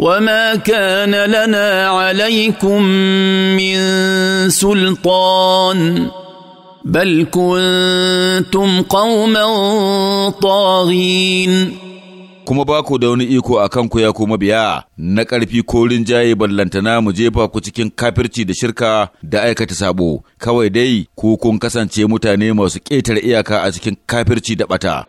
وما كان لنا عليكم من سلطان بل كنتم قوما طاغين kuma ba ku da wani iko a kanku ya kuma biya na ƙarfi ko rinjaye ballantana mu jefa ku cikin kafirci da shirka da aikata sabo kawai dai ku kun kasance mutane masu ƙetare iyaka a cikin kafirci da ɓata.